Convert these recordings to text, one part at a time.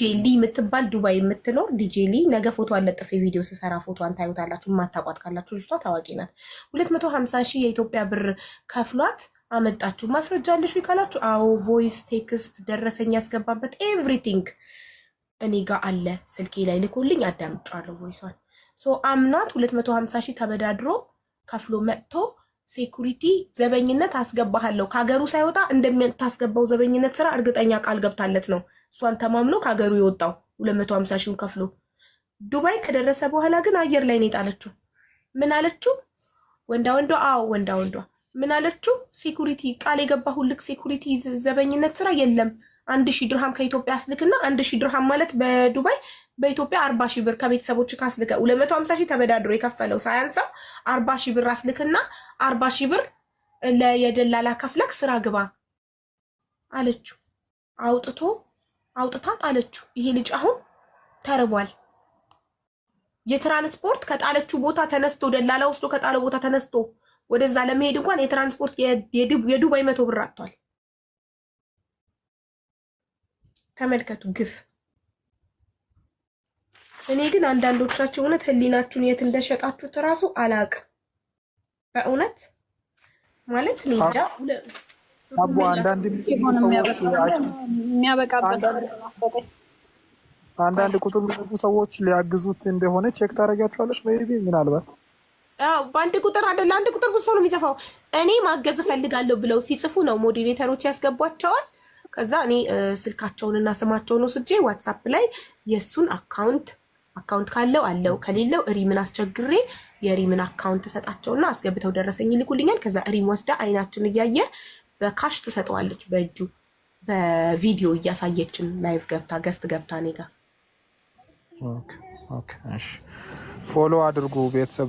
ጄሊ የምትባል ዱባይ የምትኖር ዲጄሊ ነገ ፎቶ አለጥፍ ቪዲዮ ስሰራ ፎቶን ታዩታላችሁ። ማታቋት ካላችሁ ልጅቷ ታዋቂ ናት። ሁለት መቶ ሀምሳ ሺህ የኢትዮጵያ ብር ከፍሏት አመጣችሁ። ማስረጃ አለሽ ካላችሁ አዎ፣ ቮይስ ቴክስት፣ ደረሰኝ ያስገባበት ኤቭሪቲንግ እኔ ጋር አለ። ስልኬ ላይ ልኮልኝ አዳምጫለሁ ቮይሷን። ሶ አምናት ሁለት መቶ ሀምሳ ሺህ ተበዳድሮ ከፍሎ መጥቶ ሴኩሪቲ ዘበኝነት አስገባሃለሁ፣ ከሀገሩ ሳይወጣ እንደምታስገባው ዘበኝነት ስራ እርግጠኛ ቃል ገብታለት ነው እሷን ተማምኖ ከሀገሩ የወጣው 250 ሺውን ከፍሎ ዱባይ ከደረሰ በኋላ ግን አየር ላይ ነው የጣለችው። ምን አለችው? ወንዳ ወንዷ፣ አዎ ወንዳ ወንዷ ምን አለችው? ሴኩሪቲ ቃል የገባ ሁልክ ሴኩሪቲ ዘበኝነት ስራ የለም። አንድ ሺህ ድርሃም ከኢትዮጵያ አስልክና አንድ ሺህ ድርሃም ማለት በዱባይ በኢትዮጵያ አርባ ሺህ ብር ከቤተሰቦች ካስልከ ሁለት መቶ ሀምሳ ሺህ ተበዳድሮ የከፈለው ሳያንሰው አርባ ሺህ ብር አስልክና አርባ ሺህ ብር ለየደላላ ከፍለክ ስራ ግባ አለችው አውጥቶ አውጥታ ጣለችው። ይሄ ልጅ አሁን ተርቧል። የትራንስፖርት ከጣለችው ቦታ ተነስቶ ደላላ ወስዶ ከጣለው ቦታ ተነስቶ ወደዛ ለመሄድ እንኳን የትራንስፖርት የዱባይ መቶ ብር አጥቷል። ተመልከቱ ግፍ። እኔ ግን አንዳንዶቻችሁ እውነት ህሊናችሁን የት እንደሸጣችሁት እራሱ አላቅም። በእውነት ማለት እኔ እንጃ አቦ አንዳንድ አንዳንድ ቁጥር ብዙ ሰዎች ሊያግዙት እንደሆነ ቼክ ታደርጊያቸዋለሽ። ቢ ምናልባት በአንድ ቁጥር አይደለ አንድ ቁጥር ብዙ ሰው ነው የሚጽፈው። እኔ ማገዝ እፈልጋለሁ ብለው ሲጽፉ ነው ሞዲሬተሮች ያስገቧቸዋል። ከዛ እኔ ስልካቸውንና ስማቸውን ወስጄ ዋትሳፕ ላይ የእሱን አካውንት አካውንት ካለው አለው ከሌለው ሪምን አስቸግሬ የሪምን አካውንት ሰጣቸውና አስገብተው ደረሰኝ ይልኩልኛል። ከዛ ሪም ወስዳ አይናችን እያየ በካሽ ትሰጠዋለች በእጁ በቪዲዮ እያሳየችን ላይቭ ገብታ ገስት ገብታ እኔ ጋር ፎሎ አድርጉ ቤተሰብ።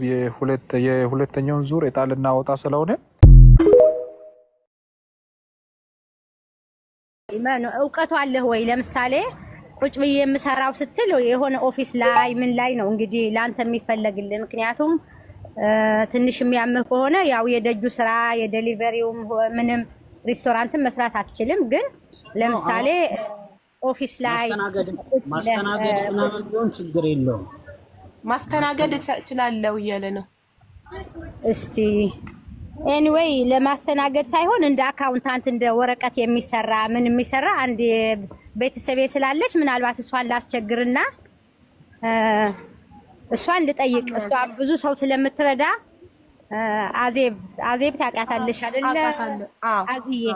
የሁለተኛውን ዙር የጣል እናወጣ ስለሆነ እውቀቱ አለህ ወይ? ለምሳሌ ቁጭ ብዬ የምሰራው ስትል የሆነ ኦፊስ ላይ ምን ላይ ነው እንግዲህ ለአንተ የሚፈለግልን ምክንያቱም ትንሽ የሚያምህ ከሆነ ያው የደጁ ስራ የደሊቨሪውም ምንም ሪስቶራንትን መስራት አትችልም፣ ግን ለምሳሌ ኦፊስ ላይ ማስተናገድ ምናምን ቢሆን ችግር የለውም። ማስተናገድ እችላለሁ እያለ ነው። እስቲ ኤኒዌይ ለማስተናገድ ሳይሆን እንደ አካውንታንት እንደ ወረቀት የሚሰራ ምን የሚሰራ አንድ ቤተሰቤ ስላለች ምናልባት እሷን ላስቸግርና እሷን ልጠይቅ እሷ ብዙ ሰው ስለምትረዳ አዜብ አዜብ ታውቃታለሽ አይደለ? አዝዬ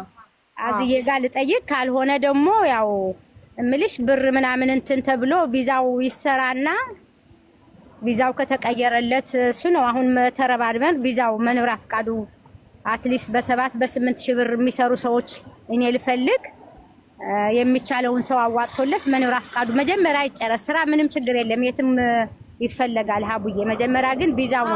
አዝዬ ጋር ልጠይቅ። ካልሆነ ደግሞ ያው እምልሽ ብር ምናምን እንትን ተብሎ ቪዛው ይሰራና ቪዛው ከተቀየረለት እሱ ነው። አሁን ተረባድበን ቪዛው መኖሪያ ፈቃዱ አትሊስት በሰባት በስምንት ሺህ ብር የሚሰሩ ሰዎች እኔ ልፈልግ የሚቻለውን ሰው አዋጥቶለት መኖሪያ ፈቃዱ መጀመሪያ ይጨረስ። ስራ ምንም ችግር የለም የትም ይፈለጋል። ሀቡዬ መጀመሪያ ግን ቪዛው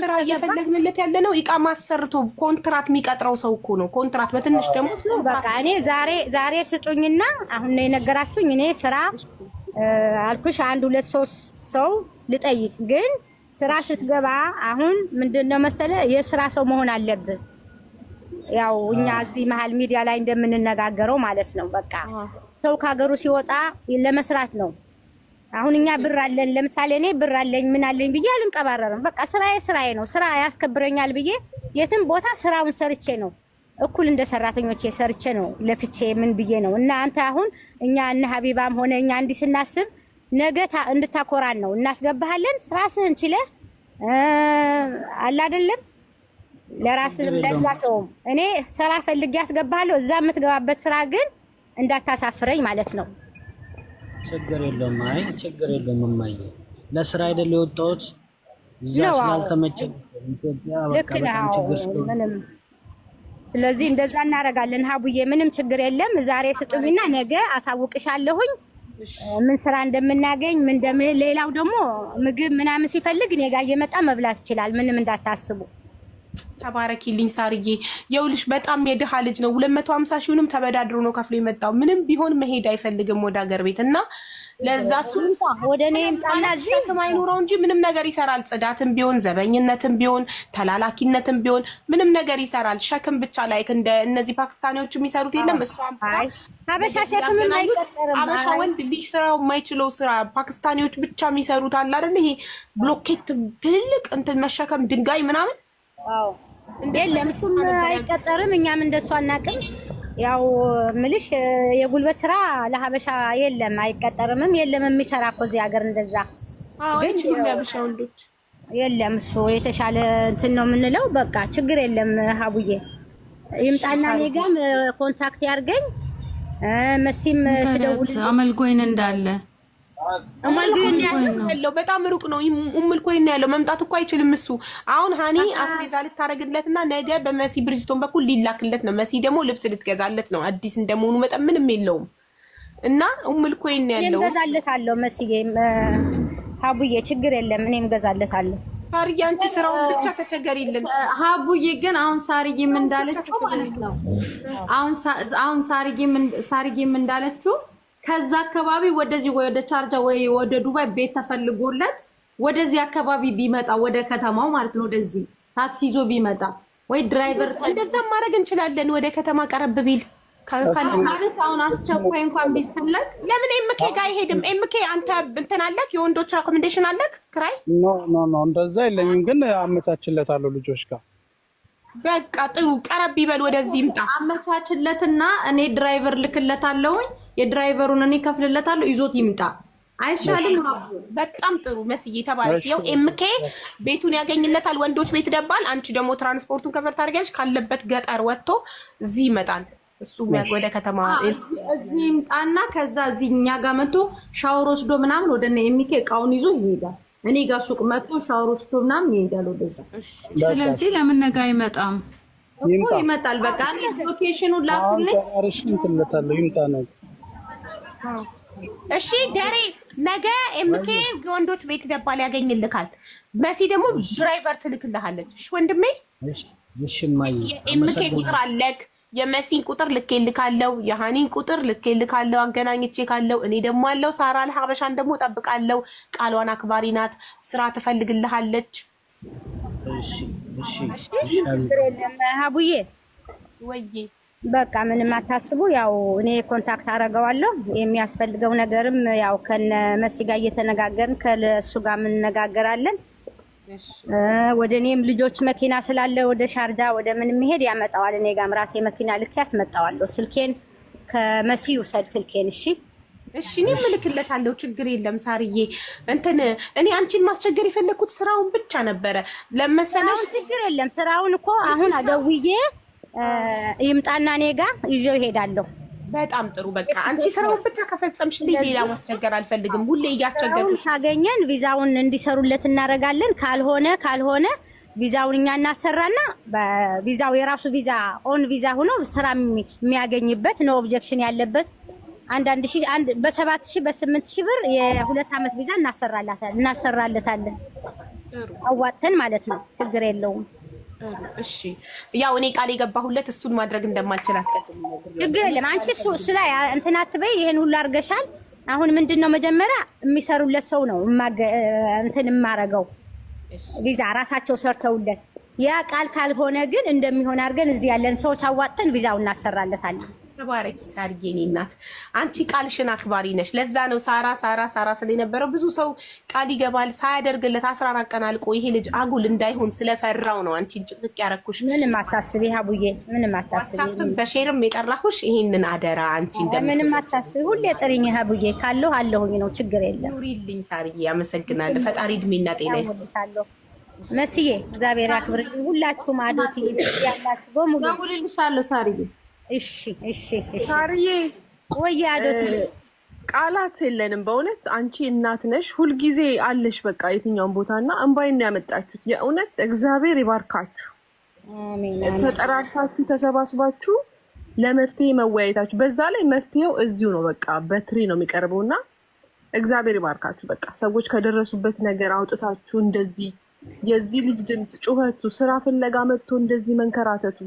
ስራ እየፈለግንለት ያለ ነው። ኢቃማ ማሰርቶ ኮንትራት የሚቀጥረው ሰው እኮ ነው። ኮንትራት በትንሽ ደግሞ በቃ እኔ ዛሬ ዛሬ ስጡኝና አሁን ነው የነገራችሁኝ። እኔ ስራ አልኩሽ አንድ ሁለት ሶስት ሰው ልጠይቅ ግን ስራ ስትገባ አሁን ምንድን ነው መሰለ የስራ ሰው መሆን አለብን። ያው እኛ እዚህ መሀል ሚዲያ ላይ እንደምንነጋገረው ማለት ነው። በቃ ሰው ከሀገሩ ሲወጣ ለመስራት ነው። አሁን እኛ ብር አለን። ለምሳሌ እኔ ብር አለኝ ምን አለኝ ብዬ አልንቀባረርም። በቃ ስራዬ ስራዬ ነው። ስራ ያስከብረኛል ብዬ የትም ቦታ ስራውን ሰርቼ ነው እኩል እንደ ሰራተኞቼ ሰርቼ ነው ለፍቼ ምን ብዬ ነው እና አንተ አሁን እኛ እነ ሀቢባም ሆነ እኛ እንዲህ ስናስብ ነገ እንድታኮራን ነው እናስገባሃለን። ራስህን ችለህ አለ አይደለም ለራስንም ለዛ ሰውም እኔ ስራ ፈልጌ ያስገባሃለሁ። እዛ የምትገባበት ስራ ግን እንዳታሳፍረኝ ማለት ነው። ችግር የለውም። አይ ችግር የለውም። እማዬ ለስራ አይደል የወጣሁት እዛ ስላልተመቸኝ ኢትዮጵያ በቃ ችግር ስለሆነ ስለዚህ እንደዛ እናደርጋለን። ሀቡዬ ምንም ችግር የለም። ዛሬ ስጡኝና ነገ አሳውቅሻለሁኝ ምን ስራ እንደምናገኝ ምን እንደምን። ሌላው ደግሞ ምግብ ምናምን ሲፈልግ እኔ ጋ እየመጣ መብላት ይችላል። ምንም እንዳታስቡ። ተባረኪልኝ ሳርዬ። የውልሽ በጣም የድሃ ልጅ ነው። ሁለት መቶ ሀምሳ ሺውንም ተበዳድሮ ነው ከፍሎ የመጣው። ምንም ቢሆን መሄድ አይፈልግም ወደ ሀገር ቤት እና ለዛ እሱ ወደ እኔ ምጣና ሸክም አይኑረው እንጂ ምንም ነገር ይሰራል። ጽዳትም ቢሆን ዘበኝነትም ቢሆን ተላላኪነትም ቢሆን ምንም ነገር ይሰራል። ሸክም ብቻ ላይክ እንደ እነዚህ ፓኪስታኒዎች የሚሰሩት የለም። እሷም አበሻ ሸክም አይቀጠርም። አበሻ ወንድ ልጅ ሊሰራው የማይችለው ስራ ፓኪስታኒዎች ብቻ የሚሰሩት አለ አይደል? ይሄ ብሎኬት ትልልቅ እንትን መሸከም ድንጋይ ምናምን የለም እሱም አይቀጠርም፣ እኛም እንደሱ አናቅም። ያው ምልሽ የጉልበት ስራ ለሀበሻ የለም አይቀጠርምም። የለም የሚሰራ እኮ እዚህ ሀገር እንደዛ የለም። እሱ የተሻለ እንትን ነው የምንለው። በቃ ችግር የለም ሀቡዬ ይምጣና እኔ ጋም ኮንታክት ያርገኝ። መሲም ትደውል አመልጎይን እንዳለ ያለው በጣም ሩቅ ነው። ኡምል ኮይን ያለው መምጣት እኮ አይችልም እሱ። አሁን ሀኒ አስቤዛ ልታረግለትና ነገ በመሲ ብርጅቶን በኩል ሊላክለት ነው። መሲ ደግሞ ልብስ ልትገዛለት ነው። አዲስ እንደመሆኑ መጠን ምንም የለውም እና ኡምል ኮይን ያለው ገዛለታለሁ። መስዬ ሀቡዬ ችግር የለም እኔም ገዛለታለሁ። ሳርዬ አንቺ ስራውን ብቻ ተቸገሪልን። ሀቡዬ ግን አሁን ሳርዬም እንዳለችው ማለት ነው አሁን ሳርዬም እንዳለችው ከዛ አካባቢ ወደዚህ ወደ ቻርጃ ወይ ወደ ዱባይ ቤት ተፈልጎለት ወደዚህ አካባቢ ቢመጣ ወደ ከተማው ማለት ነው። ወደዚህ ታክሲ ይዞ ቢመጣ ወይ ድራይቨር እንደዛ ማድረግ እንችላለን። ወደ ከተማ ቀረብ ቢል አሁን አስቸኳይ እንኳን ቢፈለግ ለምን ኤምኬ ጋር አይሄድም? ኤምኬ አንተ እንትን አለክ የወንዶች አኮመንዴሽን አለክ ክራይ? ኖ ኖ ኖ እንደዛ የለኝም፣ ግን አመቻችለታለሁ ልጆች ጋር በቃ ጥሩ ቀረብ ይበል፣ ወደዚህ ይምጣ። አመቻችለትና እኔ ድራይቨር ልክለታለሁኝ። የድራይቨሩን እኔ ከፍልለታለሁ፣ ይዞት ይምጣ። አይሻልም? በጣም ጥሩ መስዬ ተባለ። ያው ኤምኬ ቤቱን ያገኝለታል። ወንዶች ቤት ደባል። አንቺ ደግሞ ትራንስፖርቱን ከፈር ታደርጊያለሽ። ካለበት ገጠር ወጥቶ እዚህ ይመጣል። እሱ ወደ ከተማ እዚህ ይምጣና ከዛ እዚህ እኛ ጋር መጥቶ ሻወር ወስዶ ምናምን ወደ ኤምኬ እቃውን ይዞ ይሄዳል። እኔ ጋር ሱቅ መጥቶ ሻወር ውስጥ ምናምን ይሄዳል ወደዛ። ስለዚህ ለምን ነገ አይመጣም? እኮ ይመጣል። በቃ እኔ ሎኬሽኑን ላኩልኝ። እሺ ደሬ፣ ነገ ኤምኬ ወንዶች ቤት ደባል ያገኝልካል። መሲ ደግሞ ድራይቨር ትልክልሃለች። እሺ ወንድሜ፣ እሺ የኤምኬ ቁጥር አለክ የመሲን ቁጥር ልኬ ልካለው፣ የሃኒን ቁጥር ልኬ ልካለው፣ አገናኝቼ ካለው እኔ ደግሞ አለው። ሳራ ለሀበሻን ደግሞ ጠብቃለው። ቃሏን አክባሪ ናት። ስራ ትፈልግልሃለች። ሀቡዬ ወይ በቃ ምንም አታስቡ። ያው እኔ ኮንታክት አደርገዋለሁ። የሚያስፈልገው ነገርም ያው ከነ መሲ ጋር እየተነጋገርን ከእሱ ጋር እንነጋገራለን። ወደ እኔም ልጆች መኪና ስላለ ወደ ሻርጃ ወደ ምን መሄድ ያመጣዋል። እኔ ጋም ራሴ መኪና ልክ ያስመጣዋለሁ። ስልኬን ከመሲ ውሰድ ስልኬን። እሺ እሺ፣ እኔም እልክለታለሁ። ችግር የለም ሳርዬ። እንትን እኔ አንቺን ማስቸገር የፈለግኩት ስራውን ብቻ ነበረ ለመሰለሽ። ችግር የለም ስራውን እኮ አሁን አደውዬ ይምጣና እኔ ጋር ይዤው ይሄዳለሁ። በጣም ጥሩ። በቃ አንቺ ስራውን ብቻ ከፈጸምሽልኝ ሌላ ማስቸገር አልፈልግም። ሁሌ እያስቸገሩ ካገኘን ቪዛውን እንዲሰሩለት እናደርጋለን። ካልሆነ ካልሆነ ቪዛውን እኛ እናሰራና በቪዛው የራሱ ቪዛ ኦን ቪዛ ሆኖ ስራ የሚያገኝበት ነው ኦብጀክሽን ያለበት አንዳንድ ሺ አንድ በሰባት ሺህ በስምንት ሺ ብር የሁለት ዓመት ቪዛ እናሰራለታለን እናሰራለታለን አዋጥተን ማለት ነው። ችግር የለውም። እሺ ያው እኔ ቃል የገባሁለት እሱን ማድረግ እንደማልችል አስቀድም ችግር የለም። አንቺ እሱ ላይ እንትን አትበይ። ይሄን ሁሉ አድርገሻል። አሁን ምንድን ነው መጀመሪያ የሚሰሩለት ሰው ነው እንትን የማረገው ቪዛ ራሳቸው ሰርተውለት ያ ቃል ካልሆነ ግን እንደሚሆን አድርገን እዚህ ያለን ሰዎች አዋጥተን ቪዛው እናሰራለታለን። ተባረኪ ሳርዬ፣ የኔ እናት አንቺ ቃልሽን አክባሪ ነሽ። ለዛ ነው ሳራ ሳራ ሳራ ስለነበረው ብዙ ሰው ቃል ይገባል ሳያደርግለት አስራ አራት ቀን አልቆ ይሄ ልጅ አጉል እንዳይሆን ስለፈራው ነው አንቺን ጭቅጭቅ ያረኩሽ። ምንም አታስቢ ሀቡዬ፣ ምንም አታስቢ። በሼርም የጠራሁሽ ይሄንን አደራ አንቺ እንደ ምንም አታስቢ። ሁሌ ጥሪኝ ሀቡዬ፣ ካለሁ አለሁኝ ነው ችግር የለም። ኑሪልኝ ሳርዬ፣ ያመሰግናለሁ። ፈጣሪ እድሜና ጤና ይስጥልኝ። መስዬ እግዚአብሔር ያክብርልኝ። ሁላችሁም አዶት ያላችሁ በሙሉ ደውልልሻለሁ ሳርዬ እሺ፣ እሺ፣ እሺ። ሳርዬ ወይ ቃላት የለንም በእውነት አንቺ እናት ነሽ፣ ሁልጊዜ አለሽ። በቃ የትኛውን ቦታ እና እንባይ ነው ያመጣችሁት። የእውነት እግዚአብሔር ይባርካችሁ። ተጠራርታችሁ ተሰባስባችሁ ለመፍትሄ መወያየታችሁ፣ በዛ ላይ መፍትሄው እዚሁ ነው። በቃ በትሪ ነው የሚቀርበው እና እግዚአብሔር ይባርካችሁ። በቃ ሰዎች ከደረሱበት ነገር አውጥታችሁ እንደዚህ የዚህ ልጅ ድምፅ ጩኸቱ ስራ ፍለጋ መጥቶ እንደዚህ መንከራተቱ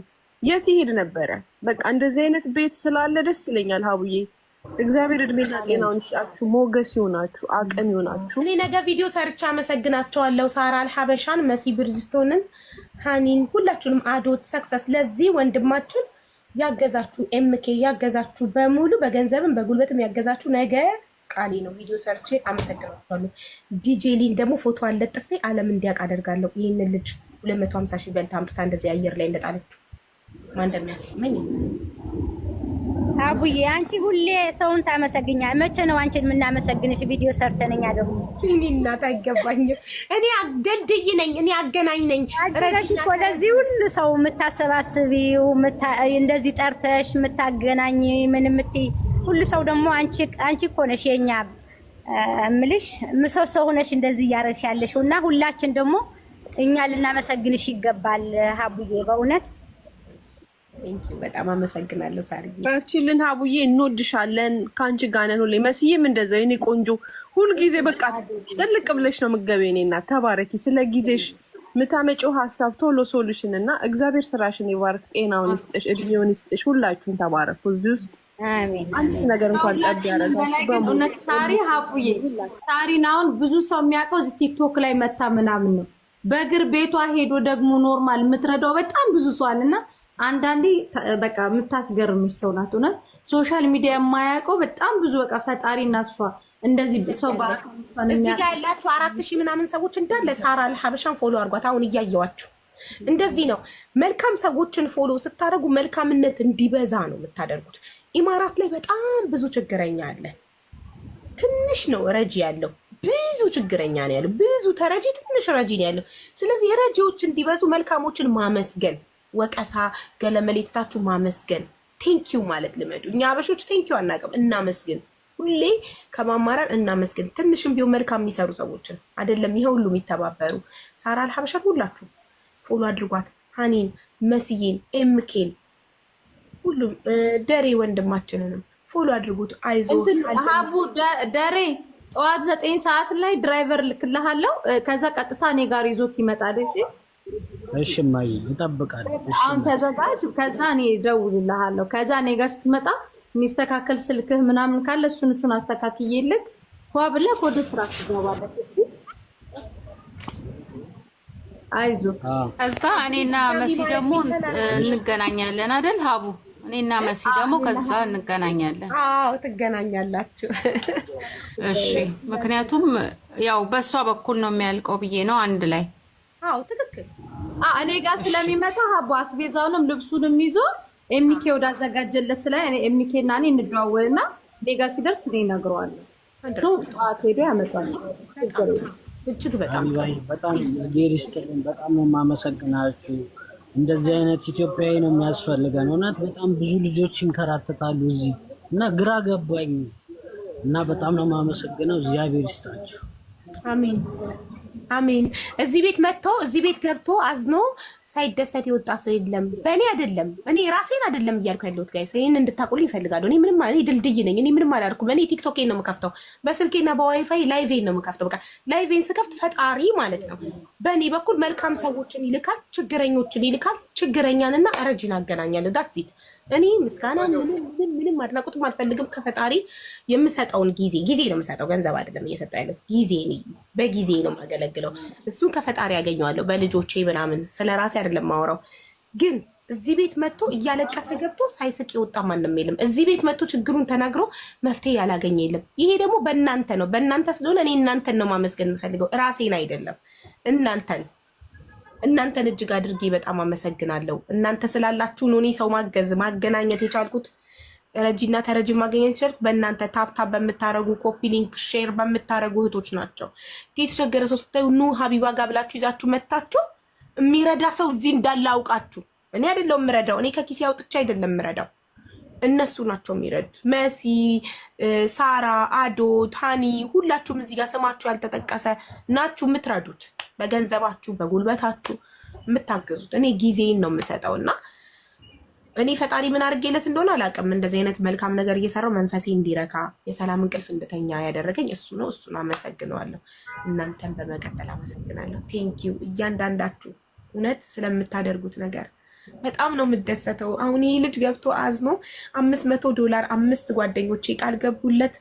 የት ይሄድ ነበረ? በቃ እንደዚህ አይነት ቤት ስላለ ደስ ይለኛል። ሀቡዬ እግዚአብሔር እድሜና ጤናውን ይስጣችሁ፣ ሞገስ ይሆናችሁ፣ አቅም ይሆናችሁ። እኔ ነገ ቪዲዮ ሰርቻ አመሰግናቸዋለሁ። ሳራ አልሀበሻን፣ መሲ ብርጅስቶንን፣ ሀኒን፣ ሁላችሁንም አዶት ሰክሰስ ለዚህ ወንድማችን ያገዛችሁ ኤምኬ ያገዛችሁ በሙሉ በገንዘብም በጉልበትም ያገዛችሁ ነገ ቃሌ ነው ቪዲዮ ሰርቼ አመሰግናቸዋለሁ። ዲጄ ሊን ደግሞ ፎቶ አለጥፌ አለም እንዲያውቅ አደርጋለሁ። ይህንን ልጅ 250 ሺህ በልታ አምጥታ እንደዚህ አየር ላይ እንደጣለችው ማን እንደሚያስቆመኝ አቡዬ አንቺ ሁሌ ሰውን ታመሰግኛል። መቼ ነው አንቺን የምናመሰግንሽ? ቪዲዮ ሰርተነኛ ደግሞ እኔ እናት አይገባኝም። እኔ ደልድይ ነኝ፣ እኔ አገናኝ ነኝ። ለዚህ ሁሉ ሰው የምታሰባስቢው እንደዚህ ጠርተሽ የምታገናኝ ምን የምትይ ሁሉ ሰው ደግሞ አንቺ እኮ ነሽ የኛ ምልሽ ምሰሶ ሆነሽ እንደዚህ እያደረግሽ ያለሽው እና ሁላችን ደግሞ እኛ ልናመሰግንሽ ይገባል አቡዬ በእውነት በጣም አመሰግናለሁ ሳርዬ። በርቺልን፣ ሀቡዬ እንወድሻለን። ከአንቺ ጋር ነን ሁሌ። መስዬም እንደዚያው የኔ ቆንጆ ሁልጊዜ በቃ ጥልቅ ብለሽ ነው የምትገቢው። የኔ እናት ተባረኪ። ስለ ጊዜሽ የምታመጪው ሀሳብ ቶሎ ሶሉሽን እና እግዚአብሔር ስራሽን ይባርክ፣ ጤናውን ይስጥሽ፣ እድሜውን ይስጥሽ። ሁላችሁም ተባረኩ። እዚህ ውስጥ አንድ ነገር እንኳን ጸድ ያረጋእውነት ሳሪ ሀቡዬ ሳሪን አሁን ብዙ ሰው የሚያውቀው እዚህ ቲክቶክ ላይ መታ ምናምን ነው። በእግር ቤቷ ሄዶ ደግሞ ኖርማል የምትረዳው በጣም ብዙ ሰዋል እና አንዳንዴ በቃ የምታስገርምሽ ሰው ናት። እውነት ሶሻል ሚዲያ የማያውቀው በጣም ብዙ በቃ ፈጣሪ እና እሷ እንደዚህ ሰው እዚህ ጋ ያላችሁ አራት ሺህ ምናምን ሰዎች እንዳለ ሳራ ለሀበሻን ፎሎ አድርጓት። አሁን እያየዋችሁ እንደዚህ ነው። መልካም ሰዎችን ፎሎ ስታደርጉ መልካምነት እንዲበዛ ነው የምታደርጉት። ኢማራት ላይ በጣም ብዙ ችግረኛ አለ። ትንሽ ነው ረጂ ያለው ብዙ ችግረኛ ነው ያለው። ብዙ ተረጂ፣ ትንሽ ረጂ ነው ያለው። ስለዚህ የረጂዎች እንዲበዙ መልካሞችን ማመስገን ወቀሳ ገለመሌትታችሁ ማመስገን ቴንኪዩ ማለት ልመዱ። እኛ አበሾች ቴንኪዩ አናውቅም፣ እናመስግን ሁሌ ከማማራር እናመስግን። ትንሽም ቢሆን መልካም የሚሰሩ ሰዎችን አይደለም ይሄ ሁሉ የሚተባበሩ ሳራ አልሀበሻን ሁላችሁ ፎሎ አድርጓት። ሀኒን፣ መስዬን፣ ኤምኬን ሁሉም ደሬ ወንድማችንንም ፎሎ አድርጉት። አይዞ ሀቡ ደሬ ጠዋት ዘጠኝ ሰዓት ላይ ድራይቨር ልክልሃለው። ከዛ ቀጥታ እኔ ጋር ይዞት ይመጣል። እሺ እማዬ እጠብቃለሁ። አሁን ተዘጋጅ። ከዛ እኔ እደውልልሃለሁ። ከዛ እኔ ጋር ስትመጣ የሚስተካከል ስልክህ ምናምን ካለ እሱን እሱን አስተካክዬልህ ፏ ብለህ ወደ ስራ ትገባለህ። አይዞ ከዛ እኔና መሲ ደግሞ እንገናኛለን አይደል ሀቡ? እኔና መሲ ደግሞ ከዛ እንገናኛለን። አዎ ትገናኛላችሁ። እሺ። ምክንያቱም ያው በእሷ በኩል ነው የሚያልቀው ብዬ ነው አንድ ላይ። አዎ ትክክል እኔ ጋር ስለሚመታ ሀቦ አስቤዛውንም ልብሱንም ይዞ ኤሚኬ ወዳዘጋጀለት ስለ ኤሚኬ እና እኔ እንደዋወልና እኔ ጋር ሲደርስ እኔ እነግረዋለሁ። ጠዋት ሄዶ ያመጣል። እጅግ በጣም በጣም ጌሪስጥልን በጣም ነው የማመሰግናችሁ። እንደዚህ አይነት ኢትዮጵያዊ ነው የሚያስፈልገን። እውነት በጣም ብዙ ልጆች ይንከራተታሉ እዚህ እና ግራ ገባኝ እና በጣም ነው የማመሰግነው። እግዚአብሔር ይስጣችሁ። አሚን። አሜን። እዚህ ቤት መጥቶ እዚህ ቤት ገብቶ አዝኖ ሳይደሰት የወጣ ሰው የለም። በእኔ አይደለም እኔ ራሴን አይደለም እያልኩ ያለሁት ጋይስ፣ ይህን እንድታቁልኝ ይፈልጋሉ። እኔ ምንም እኔ ድልድይ ነኝ። እኔ ምንም አላልኩም። እኔ ቲክቶኬን ነው የምከፍተው፣ በስልኬና በዋይፋይ ላይቬን ነው የምከፍተው። በቃ ላይቬን ስከፍት ፈጣሪ ማለት ነው በእኔ በኩል መልካም ሰዎችን ይልካል፣ ችግረኞችን ይልካል። ችግረኛንና ረጅን አገናኛለሁ። ዳትዚት እኔ ምስጋና ምንም ምንም አድናቆትም አልፈልግም። ከፈጣሪ የምሰጠውን ጊዜ ጊዜ ነው የምሰጠው፣ ገንዘብ አይደለም እየሰጠው ያለት ጊዜ በጊዜ ነው የማገለግለው። እሱን ከፈጣሪ ያገኘዋለሁ በልጆቼ ምናምን፣ ስለ ራሴ አይደለም ማውራው። ግን እዚህ ቤት መጥቶ እያለቀሰ ገብቶ ሳይስቅ የወጣ ማንም የለም። እዚህ ቤት መጥቶ ችግሩን ተናግሮ መፍትሄ ያላገኘ የለም። ይሄ ደግሞ በእናንተ ነው። በእናንተ ስለሆነ እኔ እናንተን ነው ማመስገን የምፈልገው፣ ራሴን አይደለም እናንተን እናንተን እጅግ አድርጌ በጣም አመሰግናለሁ። እናንተ ስላላችሁ ነው እኔ ሰው ማገዝ ማገናኘት የቻልኩት ረጂና ተረጂ ማገኘት ይችላል። በእናንተ ታፕታ በምታረጉ ኮፒ ሊንክ ሼር በምታረጉ እህቶች ናቸው። የተቸገረ ሰው ስታዩ ኑ ሀቢባ ጋር ብላችሁ ይዛችሁ መታችሁ የሚረዳ ሰው እዚህ እንዳለ አውቃችሁ። እኔ አይደለው የምረዳው፣ እኔ ከኪሴ አውጥቼ አይደለም የምረዳው፣ እነሱ ናቸው የሚረዱት። መሲ፣ ሳራ፣ አዶ፣ ታኒ ሁላችሁም እዚህ ጋር ስማችሁ ያልተጠቀሰ ናችሁ የምትረዱት። በገንዘባችሁ በጉልበታችሁ የምታገዙት። እኔ ጊዜን ነው የምሰጠው እና እኔ ፈጣሪ ምን አድርጌለት እንደሆነ አላውቅም። እንደዚህ አይነት መልካም ነገር እየሰራው መንፈሴ እንዲረካ የሰላም እንቅልፍ እንድተኛ ያደረገኝ እሱ ነው። እሱን አመሰግነዋለሁ። እናንተን በመቀጠል አመሰግናለሁ። ቴንኪው እያንዳንዳችሁ እውነት ስለምታደርጉት ነገር በጣም ነው የምደሰተው። አሁን ይህ ልጅ ገብቶ አዝኖ አምስት መቶ ዶላር አምስት ጓደኞቼ ቃል ገቡለት።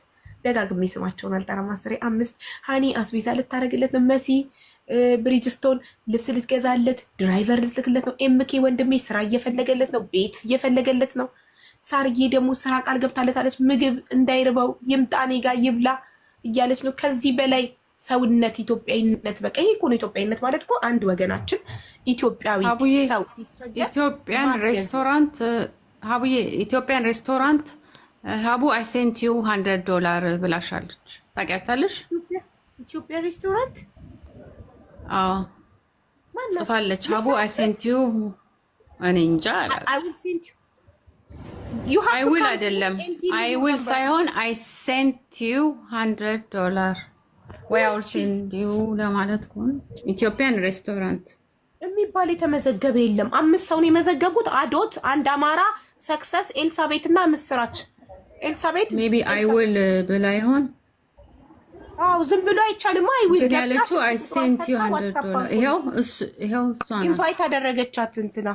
ደጋግሜ ስማቸውን አልጠራም። አስሬ አምስት ሀኒ አስቤዛ ልታደርግለት መሲ ብሪጅስቶን ልብስ ልትገዛለት፣ ድራይቨር ልትልክለት ነው። ኤምኬ ወንድሜ ስራ እየፈለገለት ነው። ቤት እየፈለገለት ነው። ሳርዬ ደግሞ ስራ ቃል ገብታለታለች። ምግብ እንዳይርበው ይምጣኔ ጋር ይብላ እያለች ነው። ከዚህ በላይ ሰውነት ኢትዮጵያዊነት በቃ ይህ እኮ ነው ኢትዮጵያዊነት ማለት እኮ አንድ ወገናችን ኢትዮጵያዊ ሰው ኢትዮጵያን ሬስቶራንት ሀቡዬ ኢትዮጵያን ሬስቶራንት ሀቡ አይ ዩ ሀንድረድ ዶላር ብላሻለች ታውቂያታለሽ ኢትዮጵያ ሬስቶራንት አዎ ጽፋለች። አቡ አይ ሴንት ዩ እኔ እንጃ አይ ውል አይደለም አይ ውል ሳይሆን አይ ሴንት ዩ ሀንድረድ ዶላር ወይ አውል ሴንት ዩ ለማለት ከሆነ ኢትዮጵያን ሬስቶራንት የሚባል የተመዘገበ የለም። አምስት ሰውን የመዘገቡት አዶት፣ አንድ አማራ፣ ሰክሰስ፣ ኤልሳቤት እና ምስራች። ኤልሳቤት ሜይ ቢ አይ ውል ብላ ይሆን አዎ ዝም ብሎ አይቻልም። አይ ዊል ያለችው አይ ሴንት ዩ ሀንድርድ ዶላር ይኸው እሱ ይኸው እሷ ኢንቫይት አደረገቻት እንትና